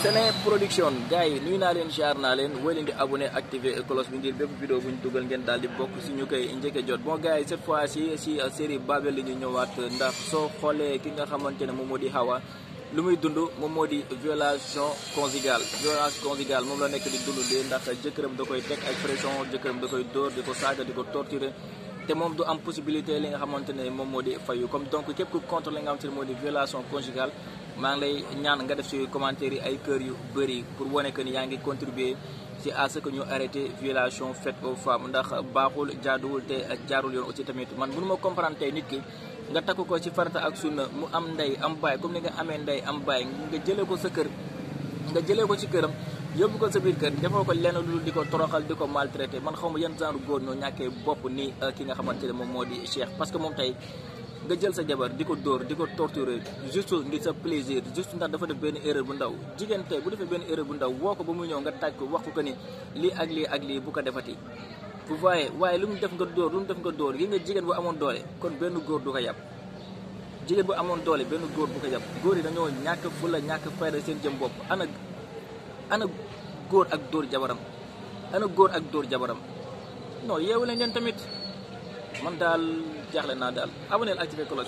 Sene Production gars yi nuyu naa leen jaar naa leen wéy leen di abonné activé cloche bi ngir bépp vidéo bu ñu dugal ngeen daal di bokk si ñu koy njëkk jot bon gars yi cette fois ci si euh, série Babel li ñu ñëwaat ndax soo xoolee ki nga xamante ne moom moo di Hawa lu muy dund moom moo di violation conjugale violence conjugale moom la nekk di dund de ndax jëkkëram da koy teg ay pression jëkkëram da koy dóor di ko saaga di ko torturer te moom du am possibilité li nga xamante ne moom moo di fayu comme donc képp ku contre li nga xamante moo di violation conjugale maa ngi lay ñaan nga def si commentaire yi ay kër yu bëri pour wane que ni yaa ngi contribuer ci à ce ñu arrêté violation fet aux femmes ndax baaxul jaaduwul te jaarul yoon aussi tamit man mënu ma comprendre tey nit ki nga takk ko ci farata ak sunna mu am ndey am baay comme ni nga amee ndey am baay nga jëlee ko sa kër nga jëlee ko ci këram. yóbbu ko sa biir kër defoo ko lenn lu di ko toroxal di ko maltraité man xaw ma yan genre góor ñoo ñàkkee bopp ni euh, ki nga xamante ne moom moo di Cheikh parce que moom tey nga jël sa jabar di ko dóor di ko torturer juste ngir sa plaisir juste ndax dafa def benn erreur bu ndaw jigéen tey bu defee benn erreur bu ndaw woo ko ba muy ñëw nga taaj ko wax ko ni lii ak lii ak lii bu ko defati. vous voyez waaye lu mu def nga dóor lu mu def nga dóor yi nga jigéen bu amoon doole kon benn góor du ko yàpp jigéen bu amoon doole benn góor bu ko yàpp góor yi dañoo ñàkk fulla ñàkk seen jëm bopp ana ana góor ak dóor jabaram ana góor ak dóor jabaram non yeewu leen ngeen tamit man daal jaaxle naa daal aboneel activé cloche